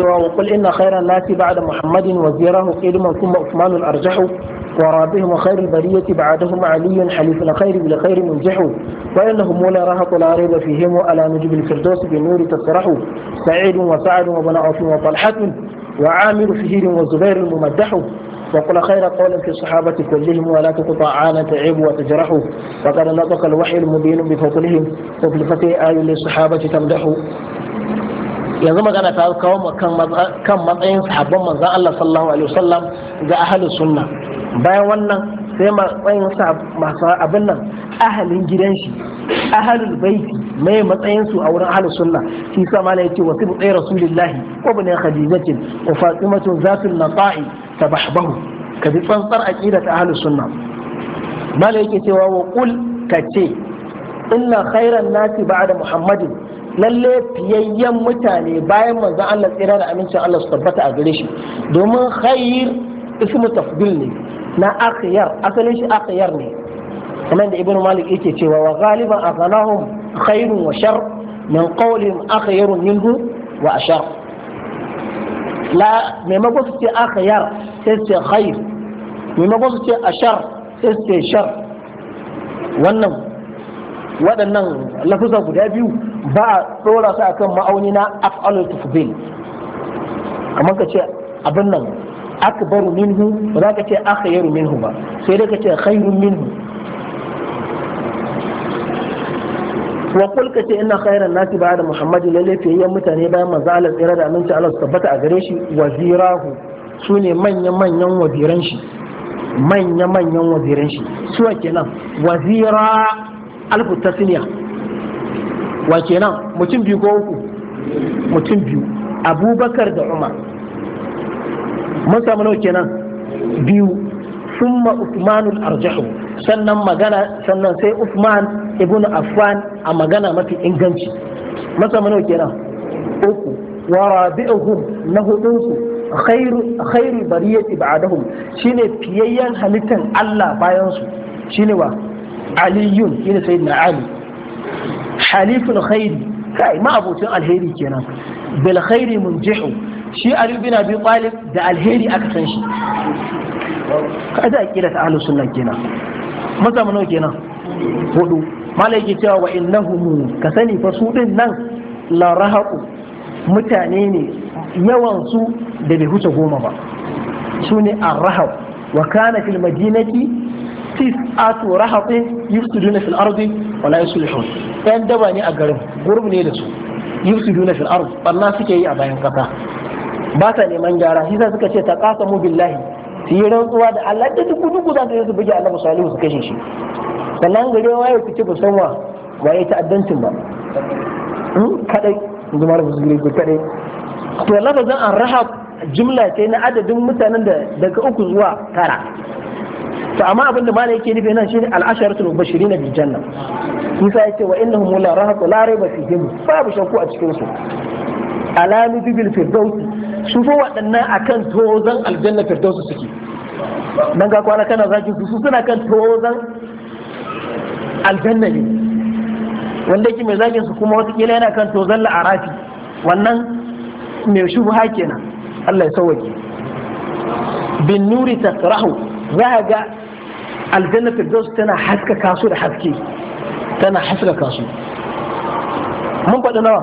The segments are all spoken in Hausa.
وقل إن qul inna بعد محمد وزيره muhammadin ثم qidman thumma usman al ورابهم وخير البرية بعدهم علي حليف الخير بالخير منجح وإنهم ولا رهق لا ريب فيهم على نجب الفردوس بالنور تصرح سعيد وسعد وبن عوف وطلحة وعامر فهير وزبير الممدح وقل خير قول في الصحابة كلهم ولا تقطع عانا تعيب وتجرح وقد نطق الوحي المبين بفضلهم وفي الفتي آي للصحابة تمدح yanzu magana ta kawo kan matsayin sahabban manzon Allah sallallahu alaihi wasallam ga ahlus sunna bayan wannan sai matsayin masu abin nan ahalin gidan shi ahalul baiti mai matsayin su a wurin ahli sunna shi sa mala yace wasu bi rasulillahi wa bin khadijatin wa fatimatu zatul naqai tabahbahu ka bi tsantsar aqidat ahalus sunna mala yake cewa wa qul kace inna khairan nasi ba'da muhammadin lalle fiyayyen mutane bayan manzon Allah tsira da amincin Allah su tabbata a gare shi domin khair ismu tafdil ne na akhyar asalin shi akhyar ne kamar da ibnu malik yake cewa wa ghaliban aghnahum khairun wa shar min qawlin akhyarun minhu wa ashar la maimakon su ce akhyar sai su ce khair maimakon su ce ashar sai su ce shar wannan waɗannan lafuza guda biyu ba a ɗora su akan ma'auni na af'alul tufdil kamar ka ce abin nan akbaru minhu ba za ka ce akhayru minhu ba sai dai ka ce khairun minhu wa kul ka ce ina khairan nasi ba da muhammadu lalle fiyayyen mutane bayan manzo Allah tsira da aminci Allah tabbata a gare shi wazirahu su ne manya-manyan waziran shi manya-manyan waziran shi suwa kenan wazira alfu tasniya wa kenan mutum biyu ko uku mutum biyu abubakar da umar mun samu nawa kenan biyu summa usmanul arjahu sannan magana sannan sai usman ibnu affan a magana mafi inganci mun samu nawa kenan uku wa rabi'uhum na hudunsu khairu bariyati ba'dahum shine fiyayyan halittan Allah bayan su shine wa aliyun shine sayyidina ali halifun khairi kai ma abocin alheri kenan bil khairi munjihu shi ali bin abi talib da alheri aka san shi kaza akida ta ahlus sunna kenan maza mu kenan hudu malaki cewa wa innahum ka sani fa su din nan la rahaqu mutane ne yawan su da bai huce goma ba su ne arhaq wa kana fil madinati tis'atu rahatin yufsiduna fil ardi wa la yuslihun ɗayan daba ne a garin gurbi ne da su yufsiduna fil ardi barna suke yi a bayan kasa ba sa neman gyara shi suka ce ta qasamu billahi su yi rantsuwa da Allah da duk duk za su su buge Annabi Salihu su kashe shi sannan gare waye fice ba san wa waye ta'addancin ba kadai zuma da musulmi kadai to lafazin an rahab jumla ce na adadin mutanen da daga uku zuwa tara to amma abin da malai yake nufi nan shine al'asharatul mubashirin bil janna Isa yace wa innahum la rahatu la rayba fihim babu shakku a cikin su alami bil firdaus su fa waɗannan akan tozan aljanna firdaus suke dan ga kwana kana zaki su suna kan tozan aljanna ne wanda yake mai zakin su kuma kila yana kan tozan la'arafi wannan mai shubha kenan Allah ya sauwake bin nuri tasrahu za ga aljanna firdaus tana haska kasu da haske tana haska kasu mun faɗi nawa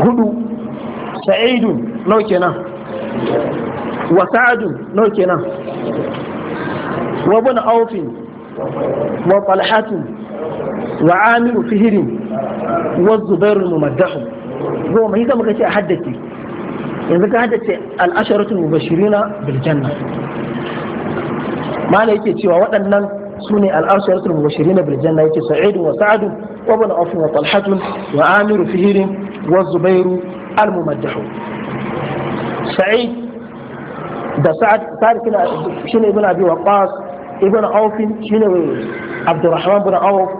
hudu sa'idu nawa kenan wa nawa kenan wa bin aufin wa talhatu wa amiru fihirin wa zubairu mumaddahu goma hita muka ce a haddace yanzu ka haddace al'asharatul mubashirina bil janna mala yake cewa waɗannan su ne al'asharatul mubashirin bil janna yake sa'id wa sa'ad wa ibn auf wa talhatun wa amir fihr wa zubair al mumaddah sa'id da sa'ad sa'ad kina shine ibn abi waqas ibn auf shine abdurrahman ibn auf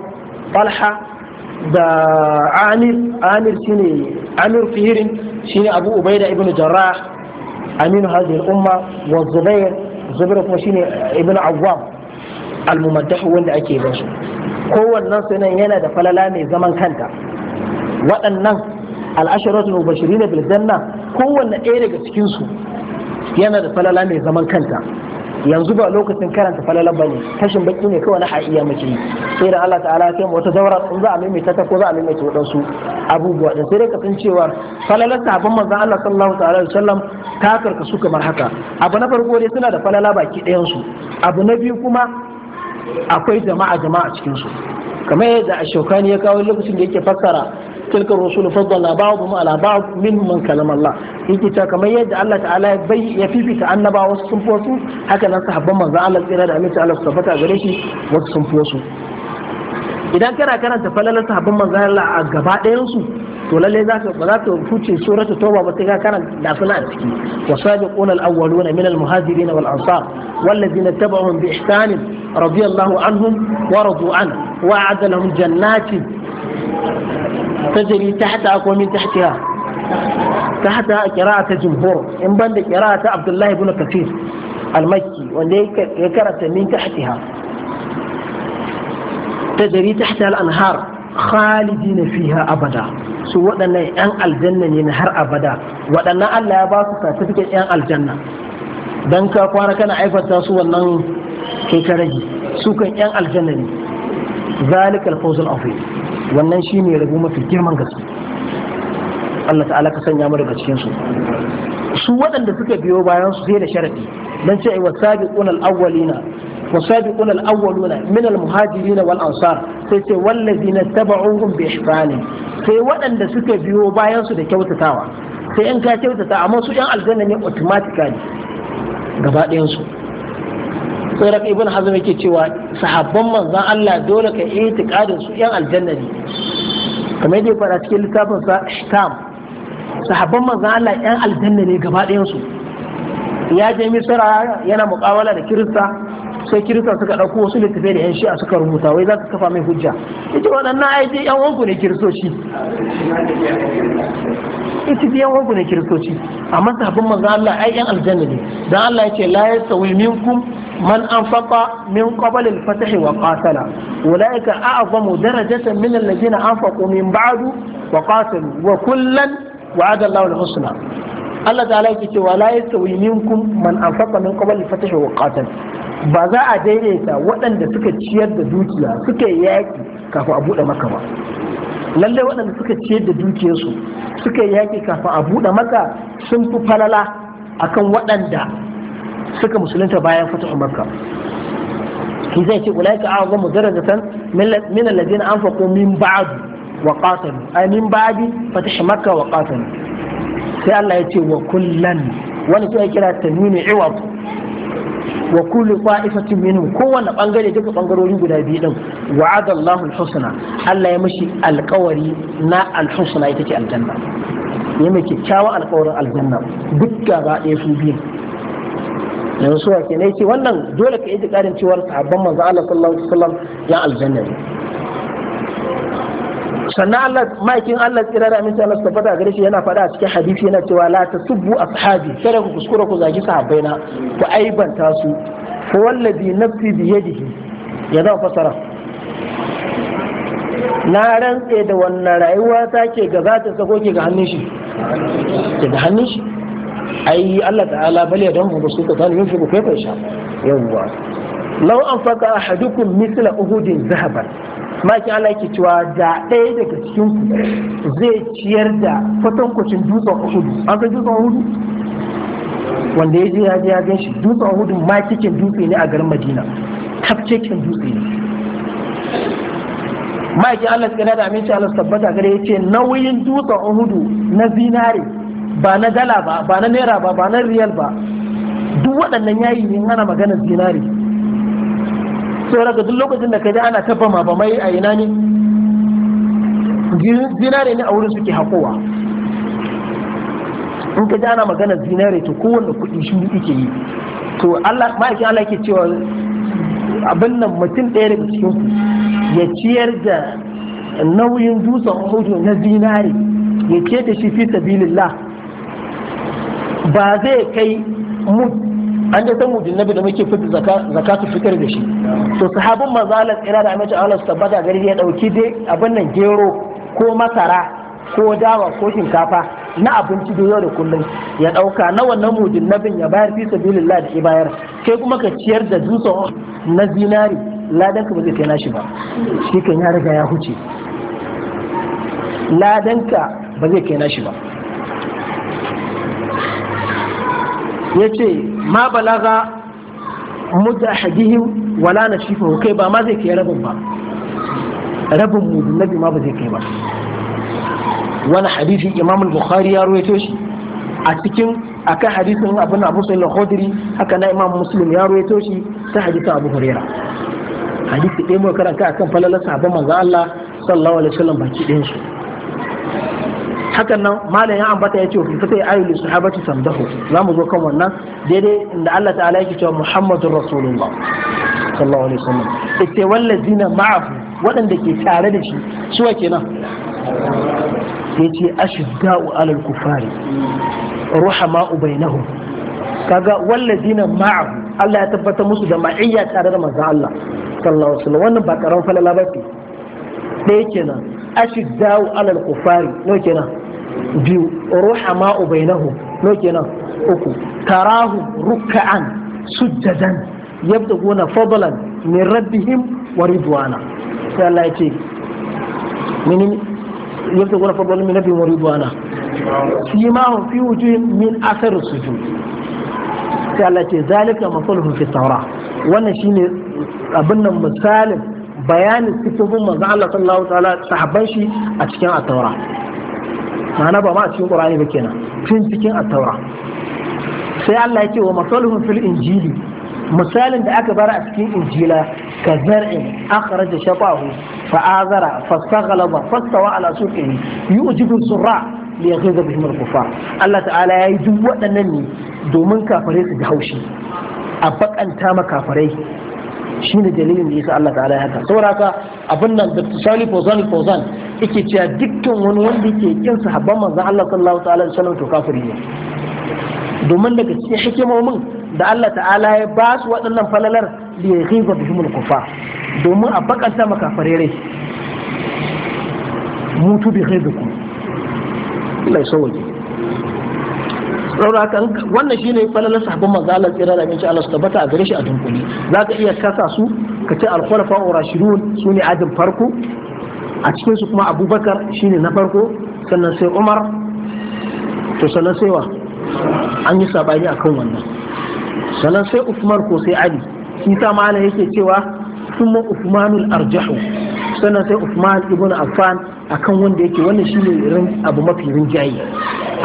talha da amir amir shine amir fihr shine abu ubaida ibn jarrah aminu hadhihi al umma wa zubair zubairu kuma shine ibn awwam almumaddahu wanda ake bin shi, kowannen su nan yana da falala mai zaman kanta waɗannan al'asharatu mubashirin bil janna kowanne ɗaya daga cikin su yana da falala mai zaman kanta yanzu ba lokacin karanta falalar bane Tashin baki ne kawai na ha'iya muke yi sai da Allah ta'ala sai mu wata daura in za a maimaita ta ko za a maimaita wadansu abubuwa din sai dai kasan cewa falalar sahabban manzon Allah sallallahu ta'ala alaihi wasallam ta karkasu kamar haka abu na farko dai suna da falala baki ɗayan su abu na biyu kuma akwai jama'a jama'a cikin su kamar yadda ashokani ya kawo lokacin da yake fassara تلك الرسول فضل بعضهم على بعض منهم من كلام الله يجي تا كما يد الله تعالى بي يفي بيت النبا وسن فوسو هكذا صحاب من ذا الله تعالى عليه تعالى صفته غري شي وسن فوسو idan kana kana ta falalar sahabban manzo Allah a gaba ɗayan su to lalle za ka ba za ka huce suratul tauba ba والذين اتبعوهم بإحسان رضي الله عنهم ورضوا عنه وأعد لهم جنات tajri tahta ko min tahtiha tahta qira'ata jumhur in banda qira'ata abdullah ibn kathir al-makki wanda ya karanta min tahtiha tajri tahta al-anhar khalidina su waɗannan 'yan aljanna ne na har abada waɗannan Allah ya ba su certificate 'yan aljanna dan ka kwana kana aifata su wannan kai ka rage su kan 'yan aljanna ne zalikal fawzul azim wannan shi ne rabu mafi girman gaske Allah ta'ala ka sanya mu daga cikin su su waɗanda suka biyo bayan su sai da sharafi. dan ce wa sabiquna al-awwalina wa al-awwaluna min al-muhajirin wal ansar sai ce wallazina tabauhum bi ihsani sai waɗanda suka biyo bayan su da kyautatawa sai in ka kyautata amma su yan aljanna ne automatically gaba ɗayan su sai raka ibn hazm yake cewa sahabban manzon Allah dole ka itiqadin su yan aljanna ne kamar yadda ya faɗa cikin littafin sa shtam sahabban manzon Allah yan aljanna ne gaba ɗayan su ya je misra yana muƙawala da kirista sai kirista suka ɗauko wasu littafai da 'yan shi'a suka rubuta wai za su kafa mai hujja ita waɗannan aiki 'yan wanku ne kiristoci ita biyan wanku ne kiristoci amma sabbin manzo Allah ai 'yan aljanna ne dan Allah ya ce la yasawi minkum man anfaqa min qabl al-fath wa qatala ulaika a'zamu darajatan min alladhina anfaqu min ba'du wa qatalu wa kullan wa'ada Allahu al-husna Allah ta'ala yake cewa la yastawi minkum man anfaqa min qabl fatahi wa ba za a daidaita waɗanda suka ciyar da dukiya suka yi yaki kafin a buɗe maka ba lalle waɗanda suka ciyar da dukiyarsu suka yi yaki kafin a buɗe maka sun fi falala akan waɗanda suka musulunta bayan fatahu makka shi zai ce ulaika a'zamu darajatan min alladhina anfaqu min ba'd wa qatalu ay min ba'di fatahu makka wa qatalu sai Allah ya ce wa kullan wani sai ya kira nuna iwab wa kullu qa'ifatin minhum kowanne bangare duka bangarori guda biyu din wa'ada Allahu al-husna Allah ya mishi alƙawari na al-husna ita ce aljanna ya mai kyakkyawan alƙawarin aljanna duk gaba ɗaya su biyu yanzu suwa ke ne ce wannan dole ka yi ƙarin cewar sahabban manzo Allah sallallahu alaihi wasallam ya aljanna ne sannan Allah maikin Allah tsira da aminci Allah tabbata gare shi yana faɗa a cikin hadisi yana cewa la tasubbu ashabi kada ku kuskura ku zagi na ku aibanta su fa wallazi nafsi bi yadihi ya zan fasara na rantse da wannan rayuwa ta ke ga za ta sako ke ga hannun shi ke ga hannun shi ai Allah ta'ala bal ya dan su ka tani yunfi ku kai kai sha yawwa law anfaqa ahadukum mithla uhudin zahaban maki Allah yake cewa da ɗaya daga cikin ku zai ciyar da kwatankwacin dutsen hudu an san dutsen hudu wanda ya je ya ya gan shi dutsen hudu ma dutse ne a garin Madina kin dutse ne ma'aikin Allah da aminci Allah su tabbata gare ya ce nauyin dutsen hudu na zinare ba na dala ba ba na naira ba ba na riyal ba duk waɗannan yayi ne ana maganar zinare saboda duk lokacin da ka ji ana ta ba bamai a ina ne zinare ne a wurin suke haƙowa in ka ji ana magana zinare to kowanne kuɗi shi yake yi to Allah ma'aikin Allah ke cewa abin nan mutum ɗaya daga cikin ku ya ciyar da nauyin dutsen hudu na zinare ya ce da shi fi sabilillah ba zai kai mu an je san mujin nabi da muke fita zakatu fitar da shi to sahabin mazalar ina da amince Allah su tabbata gari ya dauki dai abin nan gero ko masara ko dawa ko shinkafa na abinci da yau da kullum ya dauka na wannan mujin nabin ya bayar fi sabilillah da bayar kai kuma ka ciyar da dutsen na zinari ladan ka ba zai kai nashi ba shi kan ya riga ya huce ladan ka ba zai kai nashi ba ce ma balaga mudda ahadihim wala na nashifahu kai ba ma zai kai rabin ba rabin mudunnabi ma ba zai kai ba wani hadisi imam al-bukhari ya ruwaito shi a cikin akan hadisin abin abu sallan khudri haka na imam muslim ya ruwaito shi ta hadisin abu hurera hadisi ɗaya mai karanta akan falalar sahabban manzon Allah sallallahu alaihi wasallam baki ɗayan su hakan nan malam ya ambata ya ce fi fitai ayyul sahabati samdahu za mu zo kan wannan daidai inda Allah ta'ala yake cewa Muhammadur Rasulullah sallallahu alaihi wasallam ite wallazina ma'ahu waɗanda ke tare da shi suwa kenan ya ce ashidda'u alal kufari ruhama'u bainahum kaga wallazina ma'ahu Allah ya tabbata musu da ma'iyya tare da manzon Allah sallallahu alaihi wasallam wannan ba karamin falala ba ce ɗaya kenan ashidda'u alal kufari nawa kenan biyu ma ubainahu no kenan uku tarahu ruk'an sujjadan yabtaguna fadlan min rabbihim wa ridwana sai Allah ya ce minin yabtaguna fadlan min rabbihim wa ridwana hu fi wujuhihim min athar sujud sai Allah ya ce zalika masaluhum fi tawra wannan shine abin nan misalin bayanin sifofin manzo Allah sallallahu ta'ala sahabban shi a cikin at-taura ma'ana ba ma a cikin qur'ani ba kenan tun cikin at-taura sai Allah ya ce wa masaluhum fil injili misalin da aka bar a cikin injila ka zar'in akhraja shaqahu fa azara fastaghlaba fastawa ala suqihi yujibu surra li yaghiza bihim al-kufar Allah ta'ala yayi duk waɗannan ne domin kafare su ga haushi a bakanta makafarai shine dalilin da yasa Allah ta'ala ya haka saboda haka abin nan da Sali Fozan Fozan yake cewa dukkan wani wanda yake kin sahabban manzon Allah sallallahu ta'ala alaihi wasallam to kafiri ne domin daga cikin hikimomin da Allah ta'ala ya ba su waɗannan falalar da ya kai ga bihimul kufa domin a bakanta makafare rai mutu bi kai ku Allah ya sauwaje saboda wannan shine falalar sahabban manzo Allah tsira da abinci Allah su tabbata a gare shi a dunkule zaka iya kasa su ka ce al-khulafa ar-rashidun sune adin farko a cikin su kuma abubakar shine na farko sannan sai umar to sannan sai wa an yi sabani kan wannan sannan sai Uthman ko sai Ali ta ma'ana yake cewa kuma Uthmanul arjahu sannan sai Uthman ibn Affan akan wanda yake wannan shine abu mafi rinjaye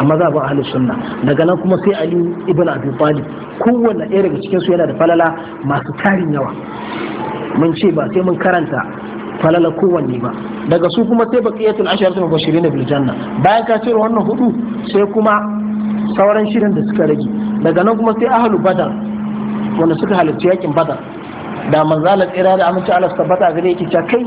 a mazhabin ahlus sunna daga nan kuma sai Ali ibn Abi Talib kowanne ɗaya daga cikin su yana da falala masu tarin yawa mun ce ba sai mun karanta falala kowanne ba daga su kuma sai baqiyatul asharatul mubashirin bil janna bayan ka cire wannan hudu sai kuma sauran shirin da suka rage daga nan kuma sai ahlu badar wanda suka halarci yakin badar da manzala tsira da amince Allah tabbata gare yake cewa kai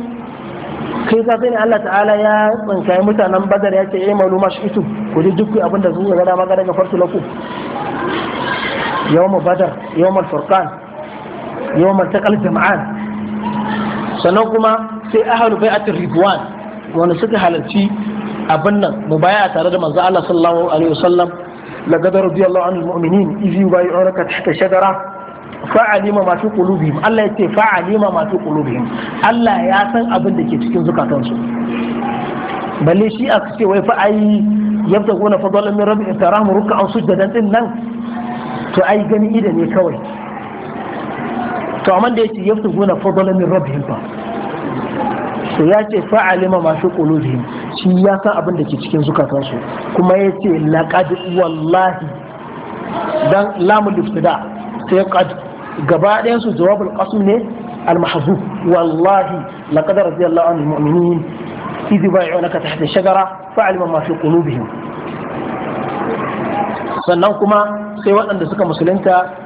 kai ka sani Allah ta'ala ya tsinkaye mutanen badar ya ce eh maluma shi itu ku ji duk abin da zuwa ga dama daga farko lako yawma badar yawm furqan yawm taqal jama'an sannan kuma sai ahlul bai'at ridwan wani suka halarci abin nan mu baya tare da manzo Allah sallallahu alaihi wasallam laqad radiyallahu anil mu'minin izi bai uraka tahta shajara alima ma fi qulubihim Allah yace alima ma fi qulubihim Allah ya san abin da ke cikin zukatansu balle shi a ce wai fa ai yabda gona fadalan min rabbi tarahu ruk'an sujadan din nan to ai gani ida ne kawai to amma da yace yabda gona fadalan min rabbi fa to ya ce fa'alima masu qulubihim shi ya san abin da ke cikin zukatansu kuma ya ce laqad wallahi dan lamul ibtida sai qad gaba ɗayan su jawabul qasm ne al mahzuf wallahi laqad radiyallahu anil mu'minin idh bay'unaka tahta shajara fa'alima ma fi qulubihim sannan kuma sai waɗanda suka musulunta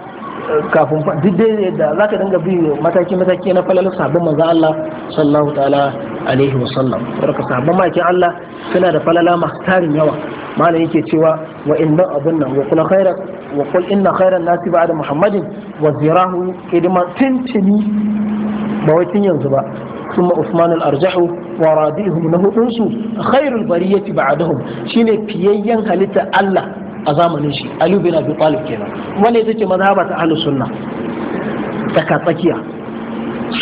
kafin duk dai da za ka dinga bi mataki-mataki na falalar sabon manzo Allah sallallahu ta'ala alaihi sallam barka sabon makin Allah suna da falala masu yawa malam yake cewa wa inna abun nan wa kula khairat wa kul inna khairan nasi ba'da muhammadin wa zirahu idma tintini ba wai tun yanzu ba ثم عثمان الأرجح ورادئهم له أنسو خير البرية بعدهم شين بيين halitta Allah. a zamanin shi Aliyu bin Abi Talib kenan wannan ita ce mazhaba ta ahlus sunna tsaka tsakiya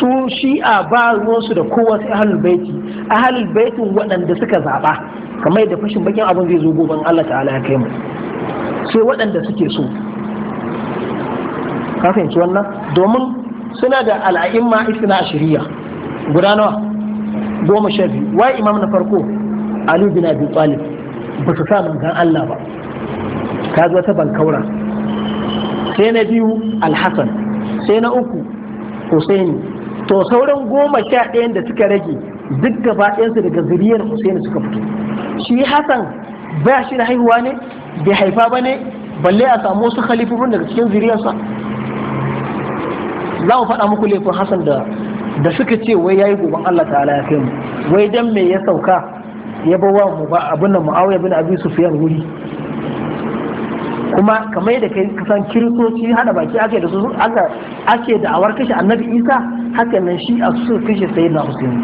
su shi'a ba ruwansu da kowa sai ahlul baiti ahlul baitin waɗanda suka zaba kamar yadda fashin bakin abin zai zo goban Allah ta'ala ya kai mu sai waɗanda suke so ka fahimci wannan domin suna da al'a'imma isna ashiriya guda nawa goma sha biyu wai imam na farko Aliyu bin Abi Talib ba su sa gan Allah ba ka zo ta bankaura sai na biyu alhassan sai na uku husaini to sauran goma sha ɗayan da suka rage duk gaba ɗayansu daga zuriyar husaini suka fito shi hassan ba shi da haihuwa ne bai haifa ba ne balle a samu wasu khalifofin daga cikin zuriyarsa za mu faɗa muku laifin hassan da suka ce wai yayi goban Allah ta'ala ya kai mu wai dan me ya sauka ya bawa mu ba abin nan mu'awiya bin abi wuri kuma kamar yadda kai kasan kiristoci hada baki ake da su aka ake da awar kashe annabi isa hakan nan shi a su kashe sai na husaini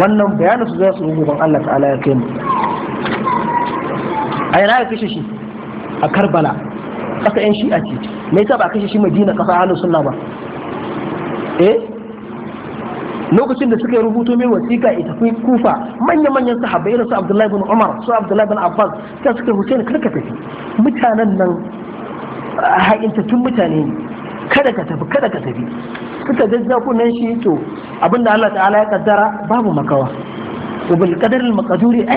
wannan bayanin su za su ban Allah ta'ala ya kai mu a yana ya kashe shi a karbala ƙasa yan a ce me yasa ba kashe shi madina ƙasa halin sunna ba eh lokacin da suka rubuto mai wasiƙa ita fi kufa manya manyan sahabbai irin su abdullahi bin umar su abdullahi bin abbas ta suka hussein kar ka tafi mutanen nan haƙintattun mutane ne kada ka tafi kada ka tafi suka jajja kunan shi to abinda Allah ta'ala ya kaddara babu makawa wa bil qadar al maqduri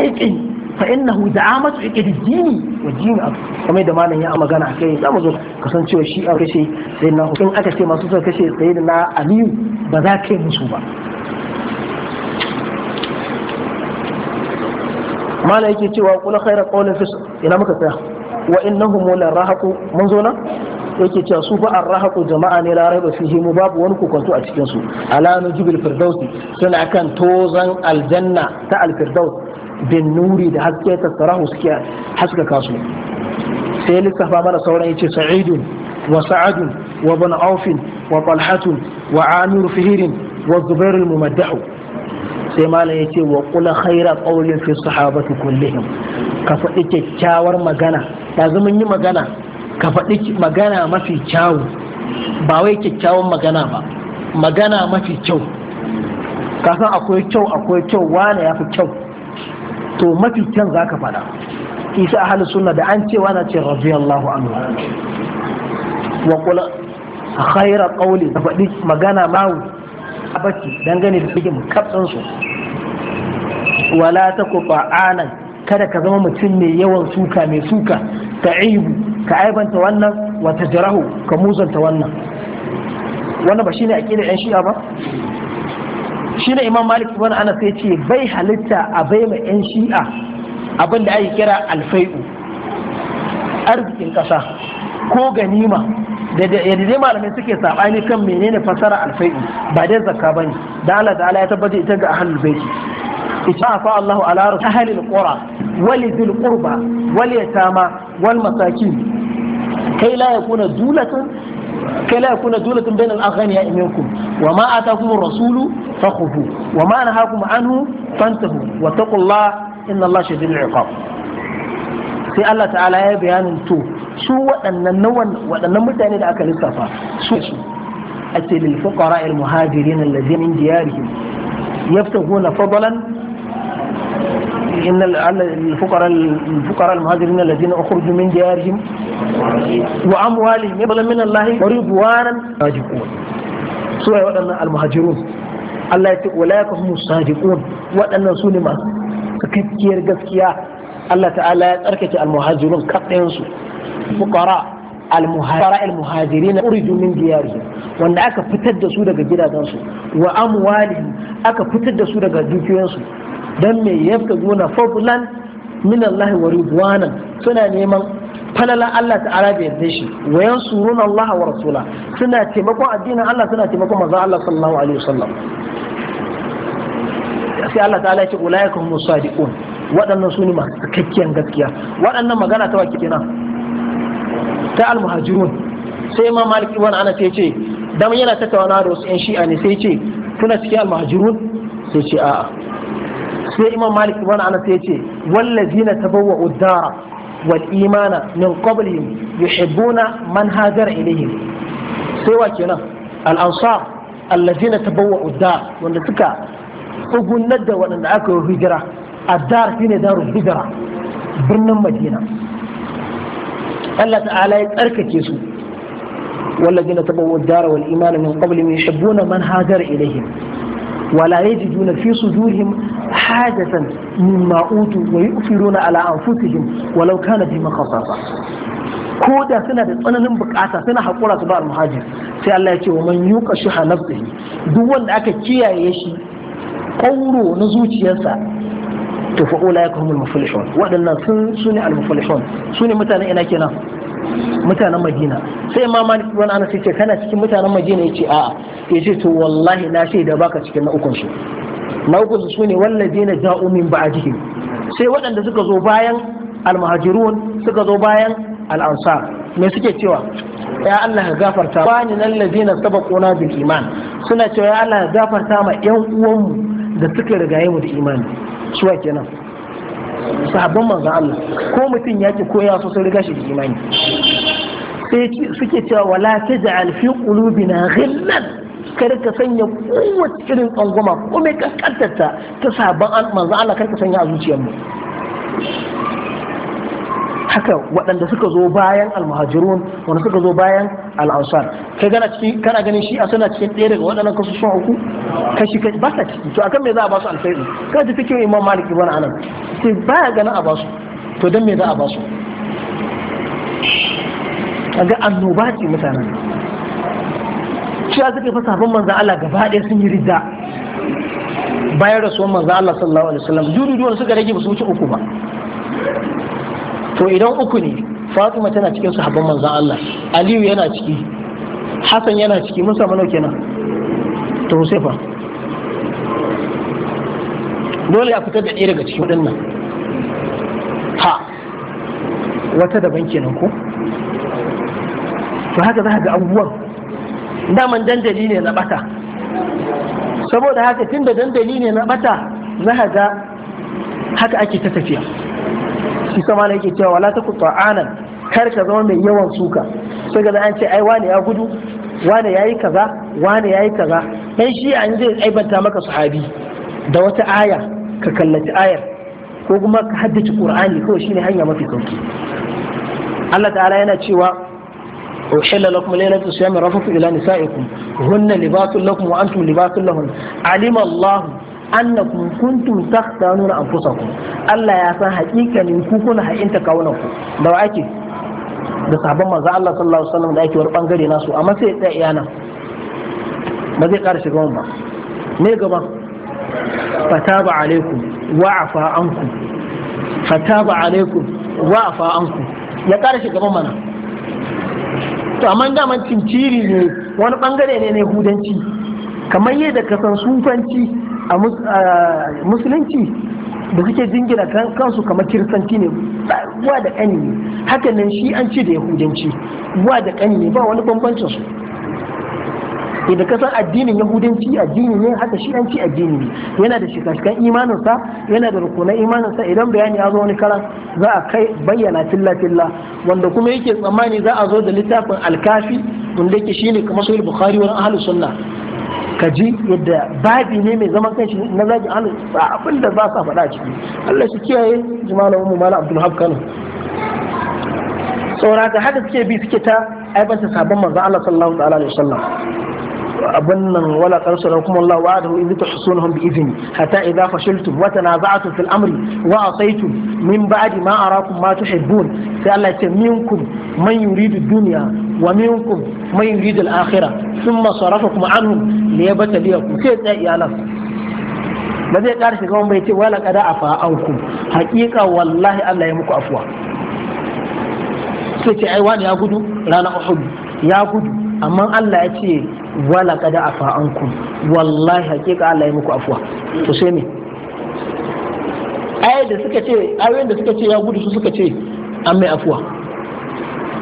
fa innahu da'amatu iqdiddini wa jina kamar da malam ya magana akai za mu zo kasancewa shi a kashe sai na in aka ce masu suka kashe sai aliyu ba za ka musu ba mala yake cewa kula khairar qawlin fis ina muka tsaya wa innahum mun zo na yake cewa su fa an rahaku jama'a ne la raiba fihi mu babu wani kokonto a cikin su ala nujubil firdausi suna kan tozan aljanna ta alfirdaus bin nuri da haske ta sarahu suke haska su sai lissafa mana sauran yace sa'idun wa sa'adun wa bin aufin wa falhatun wa amir fihirin wa zubair al-mumaddahu sai malam yace wa kula khaira qawlin fi sahabati kullihim ka faɗi kyakkyawar magana yanzu mun yi magana ka faɗi magana mafi kyawu ba wai kyakkyawan magana ba magana mafi kyau kasan akwai kyau akwai kyau wane ya fi kyau to mafi kyan za ka faɗa isa halin sunna da an cewa na ce radiyallahu anhu wa kula khaira qawli da faɗi magana mawu abaci dangane da cikin kafin su wala ta anan kada ka zama mutum mai yawan suka mai suka ta ibu ka aibanta wannan wata jirahu ka muzanta wannan wannan ba shi shine aqidar yan shi'a ba shi ne imam malik ibn anas sai ce bai halitta a bai ma yan shi'a abin da ake kira alfai'u arzikin ƙasa ko ganima da yadda dai malamai suke saɓani kan menene fasara alfai'u ba dai zakka ba ne da Allah ta'ala ya tabbata ita ga ahlul baiti ita fa Allahu ala rasul ahlil qura wal dhil qurba wal yatama wal masakin kai la yakuna dulatan كي لا يكون دولة بين الأغنياء منكم وما آتاكم الرسول فخذوه وما نهاكم عنه فانتهوا واتقوا الله إن الله شديد العقاب في Allah تعالى ya bayanin to su waɗannan waɗannan mutane da aka lissafa su su ake lil fuqara al muhajirin alladhina min diyarihim yabtaghuna إن الفقراء الفقراء المهاجرين الذين أخرجوا من ديارهم wa amwali yabla min Allah wari buwanan sadiqun su ai waɗannan almuhajirun Allah ya ce wala yakhumu sadiqun waɗannan su ne masu cikakkiyar gaskiya Allah ta'ala ya tsarkake almuhajirun kaɗayan su fuqara المهاجر المهاجرين أريدوا من ديارهم وأن أكا فتد سودة جدا دانسو وأموالهم أكا فتد سودة دوكيانسو دم يبتغون فضلا من الله ورضوانا suna neman. falala Allah ta'ala da yarda shi wa yansurun Allah wa rasula suna taimakon addinin Allah suna taimakon manzon Allah sallallahu alaihi wasallam sai Allah ta'ala ya ce ulaika hum sadiqun waɗannan su ne masu cikakkiyar gaskiya waɗannan magana ta wake kenan ta almuhajirun sai ma maliki wani ana sai ce dama yana tattauna da wasu 'yan shi'a ne sai ce kuna cikin almuhajirun sai ce a'a sai imam malik wani ana sai ce wallazina tabawwa'u dara والإيمان من قبلهم يحبون من هاجر إليهم سوى كنا الأنصار الذين تبوأوا الدار وأن تكا أقول ندى وأن أكو الهجرة الدار فينا دار الهجرة برنا مدينة الله تعالى يتركك يسوع والذين تبوأوا الدار والإيمان من قبلهم يحبون من هاجر إليهم ولا يجدون في صدورهم hajatan mimma utu wa yu'thiruna ala anfusihim walau kana bihim khasasa ko da suna da tsananin bukata suna haƙura su ba almuhajir sai Allah ya ce wa man yuqa shuha nafsihi duk wanda aka kiyaye shi kauro na zuciyarsa to fa ulai kumul muflihun waɗannan sun sune almuflihun sune mutanen ina kenan mutanen Madina sai Imam Malik ibn Anas yace kana cikin mutanen Madina yace a'a yace to wallahi na shaida baka cikin na ukun na uku su ne wallazina ja'u min ba'dihim sai waɗanda suka zo bayan almuhajirun suka zo bayan al-ansar me suke cewa ya Allah ka gafarta ni nan lazina sabaquna bil iman suna cewa ya Allah ka gafarta ma yan uwanmu da suka rigaye mu da imani suwa kenan Sabon manzon Allah ko mutum ya ce koya ya so sun riga shi da imani sai suke cewa wala taj'al fi qulubina ghillan Kar ka sanya kowace irin tsangwama ko mai kankantarta ta sabon manzo Allah kar ka sanya a zuciyarmu haka waɗanda suka zo bayan almuhajirun wanda suka zo bayan al'ansar kai gana ciki kana ganin shi a suna cikin ɗaya daga waɗannan kasu sun uku kashi kai ba ta ciki to akan me za a ba su alfaidu kada ta fikin imam malik ibn anan sai baya ganin a ba su to dan me za a ba su kaga annoba ce mutanen cewa suka yi fasafin manzan Allah gaba ɗaya sun yi rida bayan rasuwan manzan Allah sallallahu alaihi wasallam duwar suka rage ba su wuce uku ba to idan uku ne Fatima tana cikin sahabban manzan Allah Aliyu yana ciki Hassan yana ciki mun samu nauke nan to Husaifa dole ya fitar da ɗaya daga cikin waɗannan ha wata daban kenan ko to haka za a ga abubuwan daman dandali ne na bata saboda haka tun da dandali ne na bata za ga haka ake ta tafiya shi sama na yake cewa wala ta ku ta'anan kar ka zama mai yawan suka sai ga an ce ai wane ya gudu wane yi kaza wane yi kaza dan shi an je aibanta maka sahabi da wata aya ka kallaci ayar ko kuma ka haddace qur'ani kawai shine hanya mafi sauki Allah ta'ala yana cewa أحل لكم ليلة الصيام الرفث إلى نسائكم هن لباس لكم وأنتم لباس لهن علم الله annakum kuntum takhtanuna anfusakum Allah ya san hakikanin ku kuna hakinta kawunan ku da wa ake da sabon manzo Allah sallallahu alaihi wasallam da ake wani bangare nasu amma sai tsaya iyana ba zai ƙara ga ba me gaba fataba alaikum wa afa ankum fataba alaikum wa afa ya ƙara shiga mana to amma daman cinciri ne wani bangare ne na hudanci? kamar yadda ka san sufanci a musulunci da suke jingina kansu kamar kiristanci ne wa da kani ne hakan nan shi an ci da yahudanci wa da kani ne ba wani bambancin su idan ka san addinin yahudanci addini ne haka yanci addini ne yana da shikashikan imaninsa yana da rukunan imaninsa idan bayani ya zo wani kara za a kai bayyana filla filla wanda kuma yake tsammani za a zo da littafin alkafi wanda yake ne kamar sahih bukhari wani ahlus sunna ka ji yadda babi ne mai zaman kanshi na zagi ahlus abin da za su faɗa ciki Allah shi kiyaye jima'a mu mala abdul kano saboda haka suke bi suke ta aibanta sabon manzo Allah sallallahu alaihi wasallam abun nan wala qarsu kuma Allah wa'adahu idh tuhsunhum bi idhni hatta idha fashiltum wa tanaza'tum fil amri wa asaytum min ba'di ma arakum ma tuhibbun sai Allah ya ce minkum man yuridu dunya wa minkum man yuridu al-akhirah thumma sarafakum anhum liyabtaliyakum sai tsaya iyalan ba zai ƙara shiga wani bai ce wala kada a fa'anku hakika wallahi Allah ya muku afuwa sai ce ai wani ya gudu rana uhud ya gudu amma Allah ya ce wala kada afa ku. wallahi hakika Allah ya muku afuwa to sai me ayat da suka ce ayoyin da suka ce ya gudu su suka ce an mai afuwa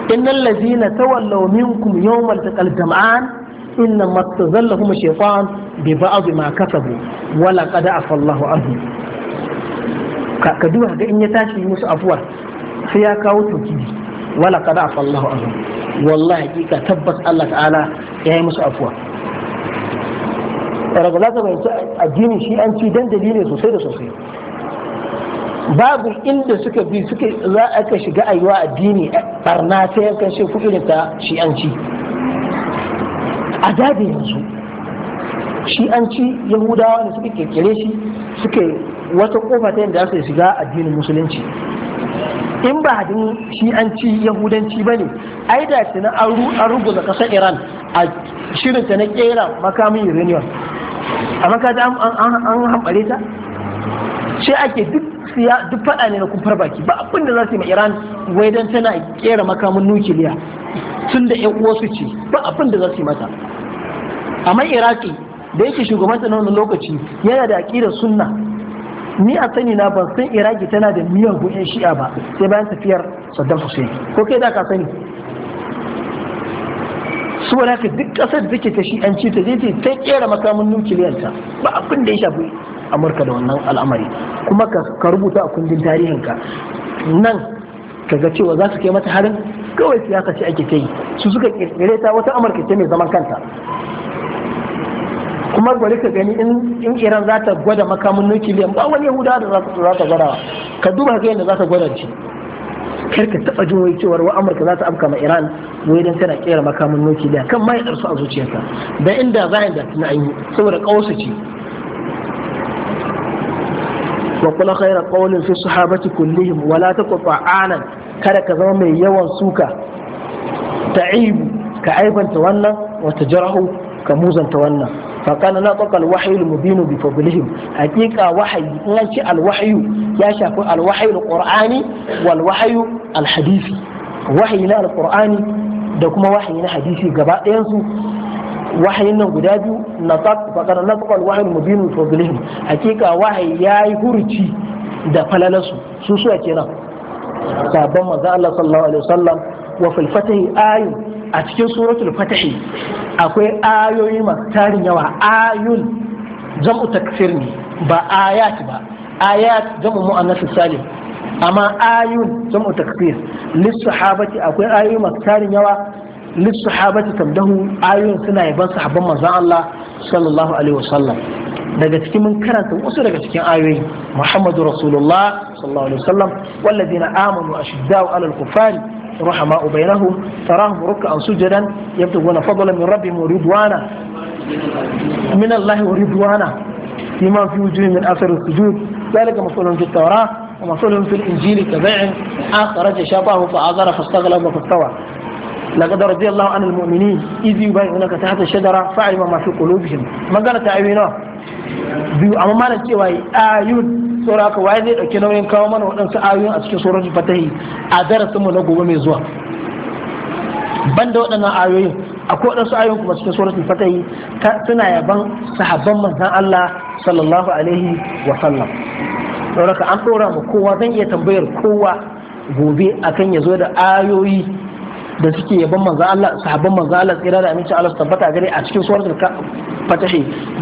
innal ladzina tawallaw minkum yawmal taqal jam'an inna mattazallahum shaytan bi ba'd ma kasabu wala qad afa Allahu anhu ka duba ga in ya tashi musu afuwa sai ya kawo tokidi wala qad afa Allahu anhu wallahi hakika tabbas Allah ta'ala ya yi musu afuwa daga za ka fahimci addini shi an ci sosai da sosai babu inda suka bi suka za a ka shiga aiwa addini barna ta yankan shi kuɗi ta shi an ci a dade yanzu shi an ci yahudawa ne suka kirkire shi suka wata kofa ta yadda za su shiga addinin musulunci in ba hadin ci yahudanci ba ne ai da shi na an da kasar iran a shirinta na kera makamin uranium a makata an hambare ta sai ake duk siya duk faɗa ne na kufar baki ba abin da za su yi ma iran wai dan tana kera makamin nukiliya tun da 'yan uwa su ce ba abin da za su yi mata amma iraki da yake shugabanta na wani lokaci yana da aƙidar sunna ni a sani na ban san iraki tana da miyan yan shi'a ba sai bayan tafiyar saddam hussein ko kai da ka sani su wani haka duk kasar da take ta shi'anci ta je ta kera makamin nukiliyarta ba abin da ya shafi amurka da wannan al'amari kuma ka rubuta a kundin tarihinka nan ka ga cewa za su kai mata harin kawai siyasa ce ake ta yi su suka kirkire wata amurka ce mai zaman kanta kuma bari ka gani in iran za ta gwada makamin nukiliyan ba wani yahuda da za ta gwada ka duba ka yadda za ta gwada ci kar ka taba jin wai cewar wa amurka za ta afka ma iran wai dan tana kera makamin nukiliya kan ma darsu a zuciyarka da inda za a da tuna an yi saboda kawusa ce wa kula khaira qawlin fi sahabati kullihim wala taqta anan kada ka zama mai yawan suka ta'ibu ka aibanta wannan wata jarahu ka muzanta wannan فكان نطق الوحي المبين بفضلهم حقيقة وحي نانشي الوحي يا شاف الوحي القرآني والوحي الحديثي وحي لا القرآني da kuma wahayi na hadisi gaba ɗayansu wahayin nan guda biyu na faƙar na faƙar wahayin mubinu fadlihim hakika wahayi ya yi hurci da falalarsu su suwa kenan sabon maza Allah sallallahu alaihi wa a cikin suratul fatahi akwai ayoyi masu tarin yawa ayun jam'u takfir ne ba ayat ba ayat jam'u mu'annas salim amma ayun jam'u takfir lissahabati akwai ayoyi masu tarin yawa lissahabati tamdahu ayun suna yaban sahabban manzon Allah sallallahu alaihi wasallam daga cikin mun karanta wasu daga cikin ayoyi Muhammadu Rasulullah sallallahu alaihi wasallam wallazina amanu ashiddau alal kufari رحماء بينهم تراهم ركعا سجدا يبتغون فضلا من ربهم ورضوانا من الله ورضوانا فيما في وجوه من اثر السجود ذلك مثلهم في التوراه ومثلهم في الانجيل كبيع اخرج شبهه فاعذر فاستغلب فاستوى لقد رضي الله عن المؤمنين إذ يبايعونك تحت الشجرة فعلم ما في قلوبهم ما قال تعبينا بيو أما ما نتيوي آيون saboda haka waye zai dauki nauyin kawo mana waɗansu ayoyin a cikin suratul fatahi a darasin mu na gobe mai zuwa banda waɗannan ayoyin akwai waɗansu ayoyin kuma cikin suratul fatahi suna yaban sahabban manzon Allah sallallahu alaihi wa sallam saboda an dora mu kowa zan iya tambayar kowa gobe akan ya zo da ayoyi da suke yaban manzon Allah sahabban manzon Allah tsira da aminci Allah tabbata gare a cikin suratul fatahi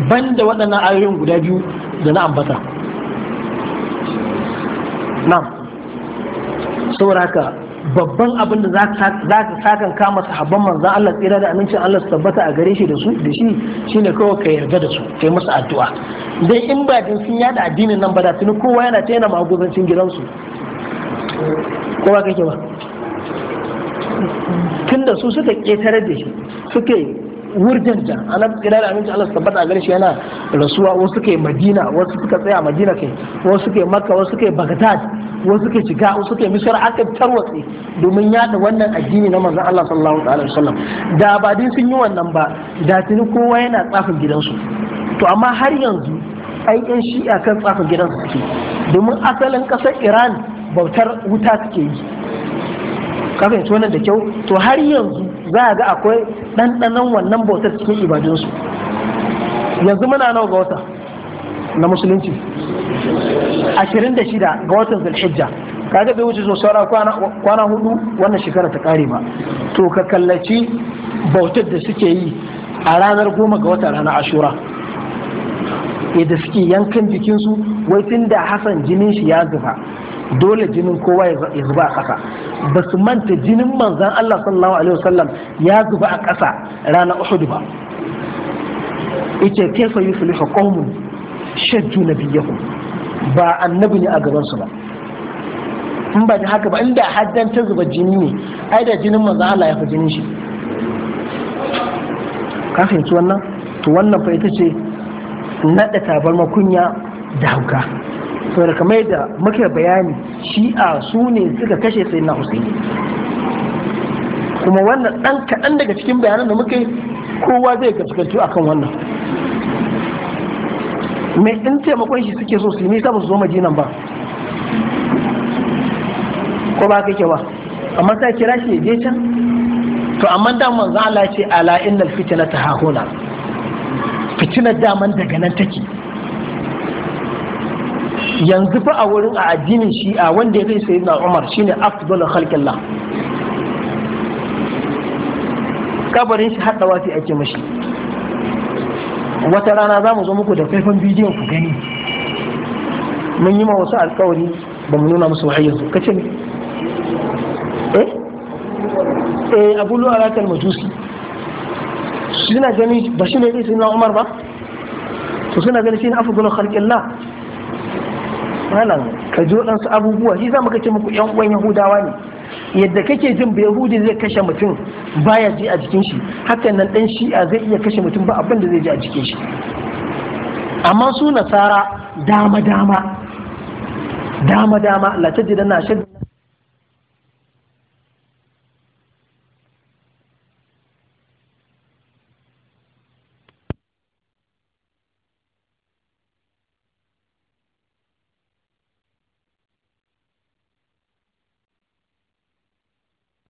banda waɗannan ayoyin guda biyu da na ambata Nam saboda haka babban abin da za ka sakan kama sahabban manzan Allah tsira da amincin Allah su tabbata a gare shi da su da shi shine kawai ka yarda da su kai musu addu'a dan in ba din sun yada addinin nan ba da tuni kowa yana ta yana magudancin gidansu kowa kake ba tunda su suka ketare da shi suke wurjanta anan kira da aminci Allah tabbata a shi yana rasuwa wasu suke Madina wasu suka tsaya Madina kai wasu suke Makka wasu suke Baghdad wasu suke shiga wasu suke Misr aka tarwatse domin yada wannan addini na manzon Allah sallallahu alaihi wasallam da ba din sun yi wannan ba da tuni kowa yana tsafin gidansu to amma har yanzu ai yan shi'a kan tsafin gidansu suke domin asalin kasar Iran bautar wuta suke yi kafin wannan da kyau to har yanzu za a ga akwai ɗanɗanon wannan bautar cikin ibadunsu yanzu muna nawa ga wata na musulunci 26 ga watan zulhijja kaga bai wuce saura kwana hudu wannan shekara ta kare ba to ka kallaci bautar da suke yi a ranar goma ga wata ranar ashura yadda suke yankan jikinsu wai tun da hasan jinin shi ya zuba dole jinin kowa ya zuba a ƙasa ba su manta jinin manzan Allah sallallahu alaihi wasallam ya zuba a ƙasa rana Uhud ba yace yi yuflihu qaumun shajju nabiyyahum ba annabi ne a gaban su ba in ba da haka ba inda haddan ta zuba jini ne ai da jinin manzan Allah ya fi jinin shi ka fahimci wannan to wannan fa ita ce naɗa bar makunya da hauka to da kamar da muke bayani shi'a su ne suka kashe sai na husaini kuma wannan ɗan kaɗan daga cikin bayanan da muke kowa zai gaskantu akan wannan mai in taimakon shi suke so su yi nisa ba su zo majinan ba ko ba kake ba amma ta kira shi ya je can to amma da manzo Allah ce ala innal fitnata hahuna fitinar daman daga nan take yanzu fa a wurin a addinin shi'a wanda ya kai sayyidina umar shine afdalul khalqillah kabarin shi hadda wafi ake mashi wata rana za mu zo muku da faifan bidiyon ku gani mun yi ma wasu alkawari ba mu nuna musu wahayi yanzu kace ne eh eh abu lu'alatul majusi suna gani ba shi ne sai na umar ba to suna gani shi ne afdalul khalqillah malam ka ji waɗansu abubuwa shi za mu kace muku yan uwan yahudawa ne yadda kake jin ba yahudi zai kashe mutum baya ji a jikin shi hakan nan dan shi'a zai iya kashe mutum ba abin da zai ji a jikin shi amma su nasara dama dama dama dama la tajidanna